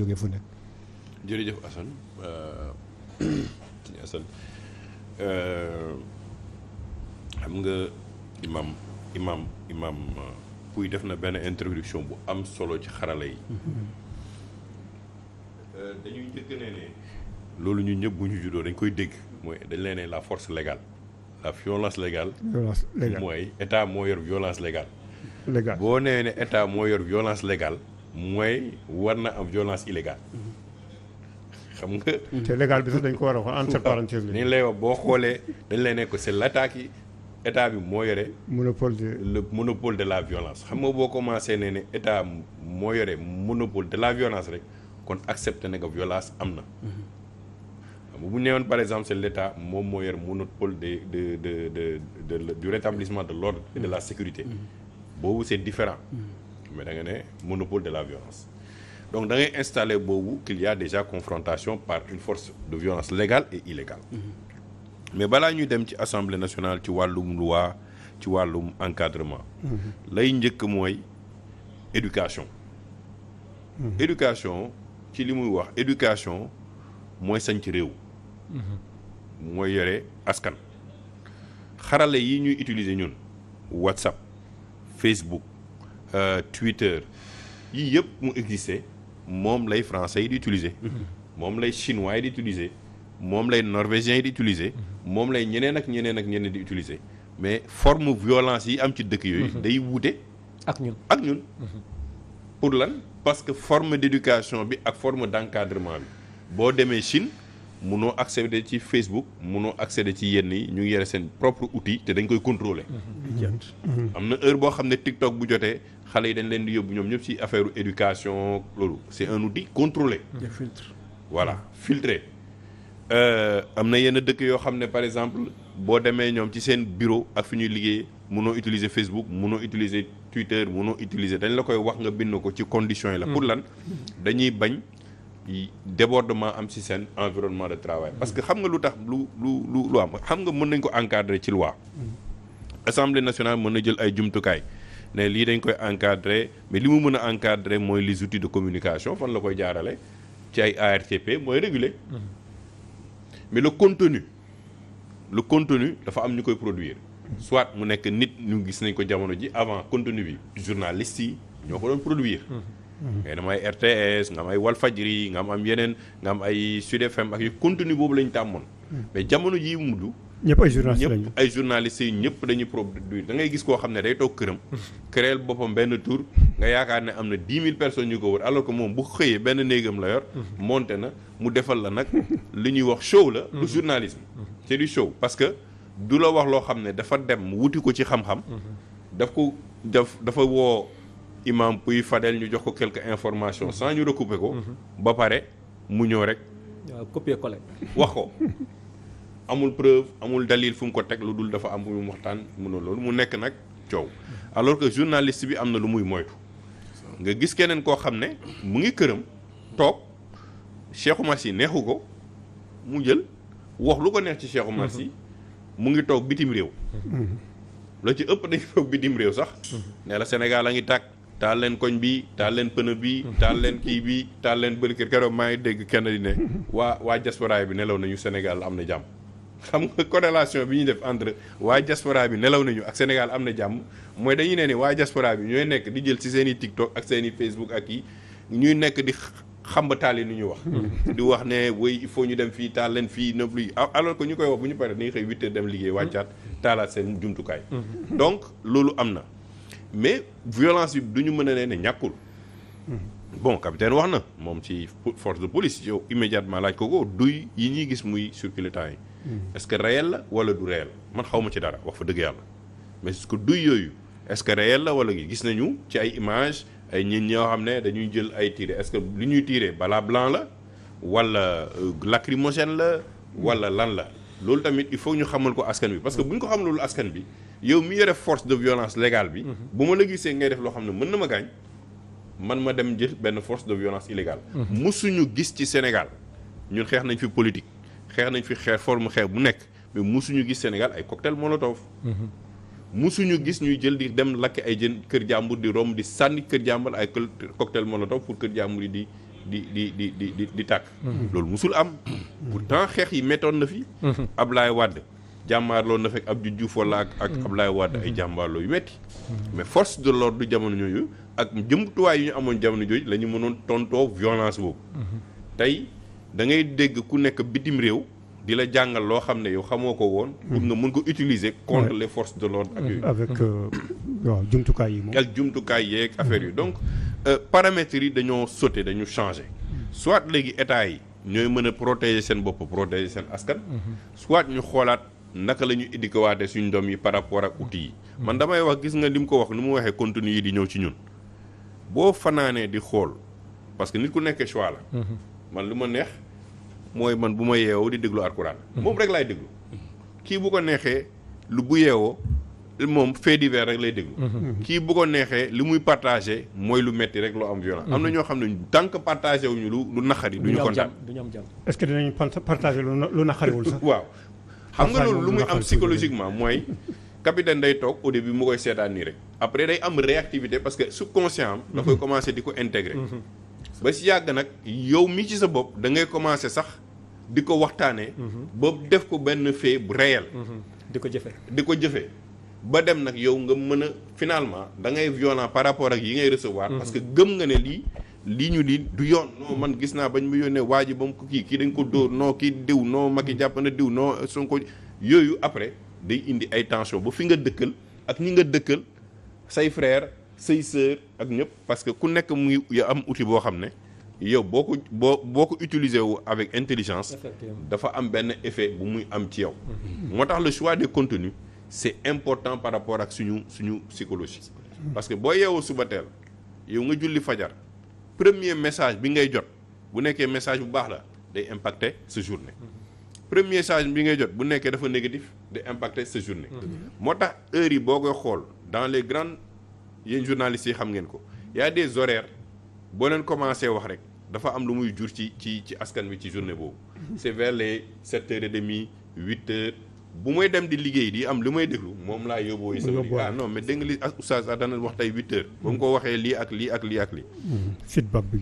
jóge fu nekk. jërëjëf Assane euh, Assane euh, xam nga imam imam imam puy euh, def na benn introduction bu am solo ci xarala yi. Mm-hmm. dañuy njëkk ne loolu ñu ñëpp bu ñu juddoo dañ koy dégg mooy dañ leen la force légale la violence légale. mooy état moo yor violence légale. légale boo nee ne état moo yor violence légale. mooy war na am violence illégale. xam nga. te légal bi sax dañ ko war a wax entre parenthèses la. ni lay wax boo xoolee dañ lay nekk c'est l'attaque yi état bi moo yore. monopole de le monopole de la violence. xam nga boo commencé ne ni état moo yore monopole de la violence rek kon accepté na nga violence am na. xam bu ñu par exemple c'est moom moo yore monopole de de de de du rétablissement de l'ordre de la sécurité. Mm-hmm. boobu c'est différent. Mm-hmm. mais da nga ne monopole de la violence donc da ngay boobu qu'il y a déjà confrontation par une force de violence légale et illégale mm-hmm. mais balaa ñuy dem ci assemblée nationale ci wàllum loi ci wàllum encadrement mm-hmm. lay njëkk mooy éducation mm éducation ci li muy wax éducation mooy sañ ci réew mooy yore askan xarala yi ñuy utiliser ñun whatsapp facebook Euh, Twitter yii yëpp mu existé moom lay français yi di utiliser. Mhm. moom lay chinois yi di utiliser. moom lay norvégien utiliser. Mhm. moom lay ñeneen ak ñeneen ak ñeneen di utiliser mais forme violence yi am ci dëkk yooyu. Mhm. day wuute. ak ñun ak ñun. pour lan parce que forme d'éducation bi ak forme d'encadrement bi boo demee Chine. munoo accéder ci Facebook munoo accéder ci yenn yi ñu ngi yore seen propre outil te dañ koy contrôler. Mm-hmm. am na heure boo xam ne TikTok bu jotee xale yi dañ leen di yóbbu ñoom ñëpp si affaire éducation loolu c'est un outil contrôlé. filtre voilà filtré. Euh, am na yenn dëkk yoo xam ne par exemple boo demee ñoom ci seen bureau ak fi ñuy liggéey munoo utiliser Facebook munoo utiliser Twitter munoo utiliser dañ la koy wax nga bind ko ci conditions yi la. Mm. pour lan mm. dañuy bañ. débordement am ci seen environnement de travail parce que xam nga lu tax lu lu lu lu am xam nga mën nañ ko encadrer ci loi mm-hmm. assemblée nationale mën na jël ay jumtukaay ne lii dañ koy encadrer mais li mu mën a encadrer mooy les outils de communication fan la koy jaarale ci ay ARTP mooy réguler mm-hmm. mais le contenu le contenu dafa am ñu koy produire soit mu nekk nit ñu gis nañ ko jamono ji avant contenu bi journaliste yi ñoo ko doon produire mm-hmm. ngay damay RTS nga am ay Walfajri nga am am yeneen nga am ay Sud FM ak yu continue boobu lañ tàmmoon mais jamono jii mujj ñëpp ay journalistes ay journalistes yi ñëpp dañuy produire da ngay gis koo xam ne day toog këram. créel boppam benn tour nga yaakaar ne am na dix mille personnes yu ko wër alors ko moom bu xëyee benn néegam la yor. monte na mu defal la nag li ñuy wax show la. lu journalisme. c'est du show parce que du la wax loo xam ne dafa dem wuti ko ci xam-xam. daf ko daf dafa woo. imam puy Fadel ñu jox ko quelque information sans ñu recouper ko. ba pare mu ñëw rek. waaw copier wax ko amul preuve amul dalil fu mu ko teg lu dul dafa am mu waxtaan mu loolu mu nekk nag coow alors que journaliste bi am na lu muy moytu. nga gis keneen koo xam ne mu ngi këram toog Cheikh Oumar neexu ko mu jël wax lu ko neex ci Cheikh Oumar Sy mu ngi toog bitim réew. Mm-hmm. loo ci ëpp dañu toog bitim réew sax. Mm-hmm. ne la a ngi tàkk. taal leen koñ bi taal leen pneu bi taal leen kii bi taal leen bëri kër keroog maa ngi dégg kenn di ne waa waa diaspora bi nelaw nañu Sénégal am na jàmm xam nga corrélation bi ñuy def entre waa diaspora bi nelaw nañu ak Sénégal am na jàmm mooy dañuy ne ni waa diaspora bi ñooy nekk di jël ci seen i TikTok ak seen i Facebook ak yi ñuy nekk di taal yi nu ñuy wax mm-hmm. di wax ne woy il faut ñu dem fii taal leen fii nëb luy alors que ñu koy wax bu ñu paree dañuy xëy huit heures dem liggéey wàccaat taalaat seen jumtukaay mm-hmm. mais violence bi du ñu mën a nee ne ñàkkul bon capitaine wax na moom ci force de police yow immédiatement laaj ko ko duy yi ñuy gis muy circuler temps yi mm. est-ce que la wala du réel man xaw ma ci dara wax fa dëgg yàlla mais est-ce que duy yooyu est-ce que réel la wala gis nañu ci ay image ay ñit ñoo xam ne dañuy jël ay tiré est-ce que li ñuy tiré balaa blanc la wala euh, lacrymogène la wala lan la loolu tamit il faut ñu xamal ko askan bi parce que bu ñu ko xam loolu askan bi yow mi yore force de violence légale bi mhm. bu ma la gisee ngay def loo xam ne mën na ma gaañ man ma dem jël benn force de violence illégale mhm. musuñu gis ci Sénégal ñun xeex nañ fi politique xeex nañ fi xeex forme xeex bu nekk mais musuñu gis Sénégal ay cocktail molotov mhm. musuñu gis ñuy jël di dem lakk ay jën kër jàmbur di romb di sànni kër jàmbur ay cocktail molotov pour kër jàmbur yi di di di di tàkk. loolu musul am. bu temps xeex yi méttoon na fi. ab Ablaye wadd jàmbaarloo na fekk Abdou Diouf wala ak ak Ablaye wadd ay jàmbaarloo yu metti mais force de l'ordre jamono yooyu ak jëmtuwaay yi amoon jamono jooju la ñu mënoon tontoo violence tey da ngay dégg ku nekk bitim réew. di la jàngal loo xam ne yow xamoo ko woon. pour nga mën ko utiliser contre les forces de l'ordre ak avec euh, waaw jumtukaay yi moom. ak jumtukaay yeeg affaire yi donc. Euh, paramètres yi dañoo sauté dañu changé soit léegi état yi ñooy mën a protéger seen bopp protéger seen askan soit ñu xoolaat naka la ñu éduqué waate suñ doom yi par rapport ak outils yi man damay wax gis nga li mu ko wax ni mu waxee contenu yi di ñëw ci ñun boo fanaanee di xool parce que nit ku nekkee choix la man lu ma neex mooy man bu ma yeewoo di déglu alxuraan moom rek laay déglu kii bu ko neexee lu bu yeewoo moom fait divers rek lay déglu mhm. Mhm. kii bu ko neexee li muy partagé mooy lu metti rek loo am violent am na mhm. ñoo xam ne tant que partagé wuñu lu lu naqari duñu kontaan duñu am jàmm est di que dinañ partagé lu naqariwul sax waaw xam nga loolu lu muy am psychologiquement mooy capitaine day toog au début mu koy seetaan nii rek après day am réactivité parce que subconscient am da koy commencé di ko intégrer ba si yàgg nag yow mi ci sa bopp da ngay commencé sax di ko waxtaanee ba def ko benn fait réel di ko jëfee di ko jëfee ba dem nag yow nga mën a finalement da ngay violent par rapport ak yi ngay recevoir. Mhm. parce que gëm nga ne lii lii ñu lii du yoon. non mhm. man gis naa bañ mu yónnee waa ji ba mu ko kii kii dañ ko dóor noo kii diw non Macky jàpp na diw non Sonko yooyu après day indi ay tension ba fi nga dëkkal ak ñi nga dëkkal say frère say sœur ak ñëpp parce que ku nekk mu ngi am outil boo xam ne. yow boo ko boo boo ko utiliser wu avec intelligence dafa am benn effet bu muy am ci yow mhm. moo c'est important par rapport ak suñu suñu psychologie parce que boo yeewoo suba teel yow nga julli fajar premier message bi ngay jot bu nekkee message bu baax la day impacter sa journée premier message bi ngay jot bu nekkee dafa négatif day impacter sa journée moo tax heure yi boo koy xool dans les grandes yéen journalistes yi xam ngeen ko y a des horaires boo leen commencé wax rek dafa am lu muy jur ci ci ci askan wi ci journée boobu c'est vers les sept heures et demie huit bu may dem di liggéey di am li may déglu moom laa yóbboo yi sama liggéey ah non mais dégg nga li oustaz Adana wax tey huit heures ba mu ko waxee lii ak lii ak lii ak lii mm-hmm. feedback bi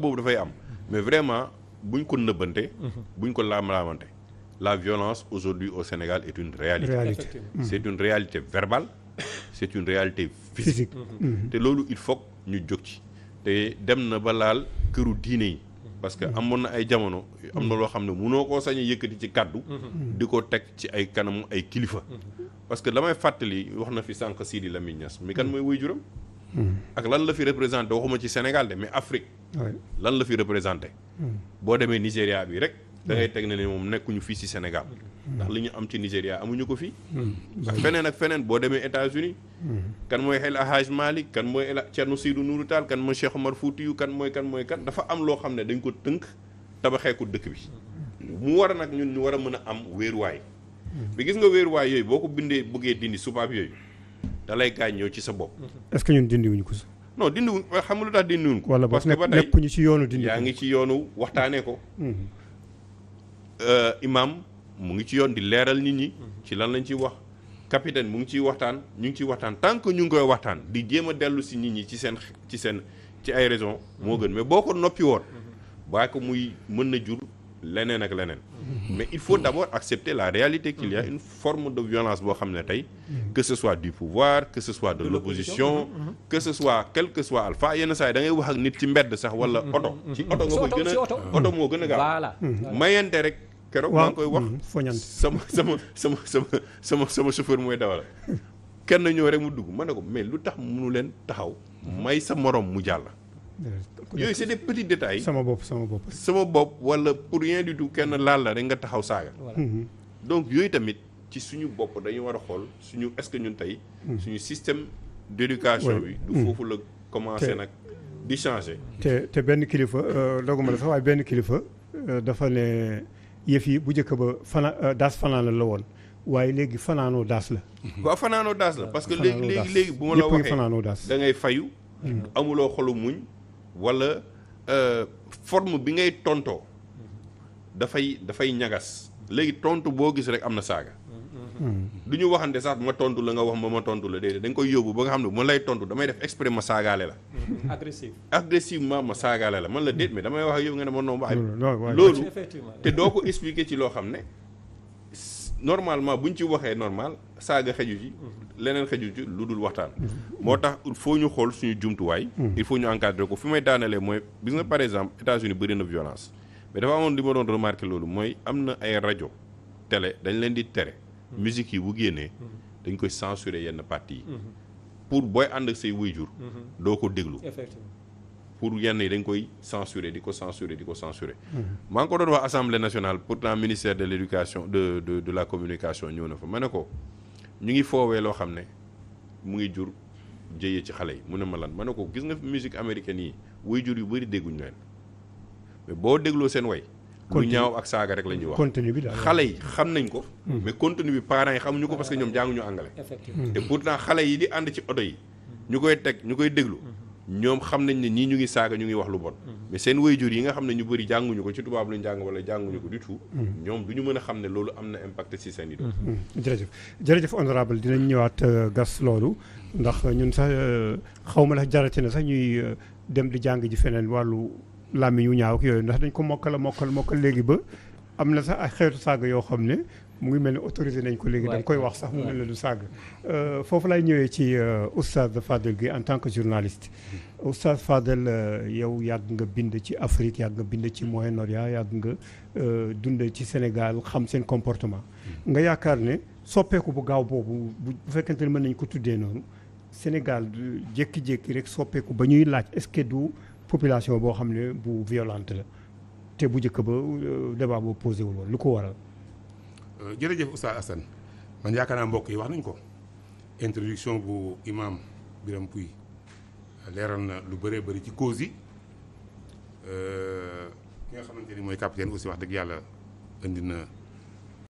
boobu dafay am mais vraiment buñ ko nëbbante mm-hmm. buñ ko laam-laamante la violence aujourd'hui au Sénégal est une réalité mm-hmm. c'est une réalité verbale c'est une réalité physique te loolu il foog ñu jóg ci te dem na ba laal këru diine yi parce que mm-hmm. amoon na ay jamono. am na loo xam ne munoo koo sañ a yëkkati ci kàddu. Mm-hmm. di ko teg ci ay kanamu ay kilifa. Mm-hmm. parce que damay fàttali wax na fi sànq Sidi Lamine Niass mi kan mooy wuy juram. ak lan la fi représenté waxuma ci Sénégal de mais Afrique. lan la fi représenté. boo demee Nigéria bi rek. da ngay teg ne ne moom nekkuñu fii si Sénégal. ndax li ñu am ci Nigéria amuñu ko fii. ak feneen ak feneen boo demee États-Unis kan mooy El Hadj Malick kan mooy El Thierno Seydou Nourou Tall kan mooy Cheikh Omar Foutiyou kan mooy kan mooy kan dafa am loo xam ne dañ ko tënk tabaxee ko dëkk bi mu war a nag ñun ñu war a mën a am wéeruwaay mm-hmm. bi gis nga waay yooyu boo ko bindee bëggee dindi subaab yooyu da lay gaañ ñëw ci sa bopp. Mm-hmm. est-ce que ñun dindiwuñu ko si. non dindiwuñ xam nga lu tax dindiwuñ ko. wala parce que ba tey nekkuñu ci yoonu dindi. yaa ngi ci yoonu waxtaanee ko. Mm-hmm. Euh, imaam mu ngi ci yoon di leeral nit ñi. ci lan lañ ci wax. capitaine mu ngi ciy waxtaan ñu ngi ciy waxtaan tant ñu ngi koy waxtaan di jéem a dellu si nit ñi ci seen ci seen ci ay raison moo gën mais boo ko noppi woon baa ko muy mën na jur leneen ak leneen mais il faut d'abord accepter la réalité qu'il y a une forme de violence boo xam ne tey que ce soit du pouvoir que ce soit de l'opposition que ce soit quel que soit alpha yenn saa yi wax ak nit ci mbedd sax wala oto mm-hmm. ci oto nga koy gën a oto moo gën a gaaw mayente rek keroog maa ngi koy wax mm-hmm. sama sama sama sama sama sama mooy dawal kenn ñëw rek mu dugg ma ne ko mais lu tax munu leen taxaw mm-hmm. may sa moroom mu jàll yooyu c'est des petits détails sama bopp sama bopp sama bopp wala pour rien du kenn laal la rek nga taxaw saaga mm-hmm. donc yooyu tamit ci suñu bopp dañu war a xool suñu est-ce que ñun tey mm. suñu système d'éducation bi du foofu mm. la commencé nag di changer te te benn kilifa euh, doguma la sax waaye benn kilifa euh, dafa ne yëf yi bu njëkk ba fana euh, daas fanaan la woon waaye léegi fanaanoo daas la. waa fanaanoo daas la parce que léegi léegi léegi bu ma la waxee da ngay fayu. Hmm. amuloo xolu muñ wala euh, forme bi ngay tontoo dafay dafay ñagas léegi tontu boo gis rek am na saaga. du ñu waxante sax ma tontu la nga wax ma ma tontu la déedéet dañ koy yóbbu ba nga xam ne ma lay tontu damay def exprès ma saagaale la. agressivement agressivement ma saagaale la man la déet mais damay wax ak yow nga ne ma noonu. waaw loolu te doo ko expliquer ci loo xam ne. normalement bu ñu ci waxee normal saaga xeju ci leneen xeju ci lu dul waxtaan moo tax il faut ñu xool suñu jumtuwaay il faut ñu encadrer ko fi may daanalee mooy gis nga par exemple États-Unis bëri na violence mais dafa amoon li ma doon remarqué loolu mooy am na ay rajo télé dañ leen di tere musique yi bu génnee mm-hmm. dañ koy censurer yenn parti mm-hmm. pour booy ànd ak say waajur mm-hmm. doo ko déglu pour yenn yi dañ koy censurer di ko censurer di ko censurer maa ngi ko doon wax assemblée nationale pourtant ministère de l'éducation de de de la communication ñëw na fa ma ne ko ñu ngi foowee loo xam ne mu ngi jur jëyee ci xale yi mu ne ma lan ma ne ko gis nga musique américaine yi waajur yu bëri dégguñu leen boo dégloo seen way lu ñaaw ak saaga rek la ñuy wax contenu bi daal xale yi xam nañ ko hmm. mais contenu bi parents yi xamuñu ko parce que ñoom jànguñu angale te pourtant xale yi di ànd ci oto yi ñu koy teg ñu koy déglu ñoom xam nañ ne ñu ngi saaga ñu ngi wax lu bon hmm. mais seen waajur yi nga xam ne ñu bëri jànguñu ko ci tubaab lu jàng wala jànguñu ko du tout hmm. ñoom du ñu mën a xam ne loolu am na impact si seen i doom jërëjëf jërëjëf honorable dinañ ñëwaat euh, gas loolu ndax euh, ñun sax euh, xaw ma la jarate na sax ñuy dem di làmmiñ wu ñaaw ak yooyu ndax dañ ko mokkal a mokkal mokkal léegi ba am na sax ay xeetu saaga yoo xam ne mu ngi mel ni autorisé nañ ko léegi da nga koy wax sax mu mel ne du saaga euh, foofu laay ñëwee ci euh, oustaz Fadel gi en tant que journaliste mm. oustaz Fadel euh, yow yàgg nga bind ci Afrique yàgg nga bind ci Moyen-Orient yàgg nga dund ci Sénégal xam seen comportement mm. nga yaakaar ne soppeeku bu gaaw boobu bu fekkente ne mën nañ ko tuddee noonu Sénégal jékki-jékki rek soppeeku ba ñuy laaj est-ce du population boo xam ne bu violente la te bu njëkk ba euh, débat boobu posé wul woon lu ko waral. Euh, jërëjëf Oustaz Assane man yaakaar naa mbokk yi wax nañ ko introduction bu imam Birame Pouy leeral na lu bëree bari ci cause yi euh, ki nga xamante ni mooy capitaine aussi wax dëgg yàlla indi na.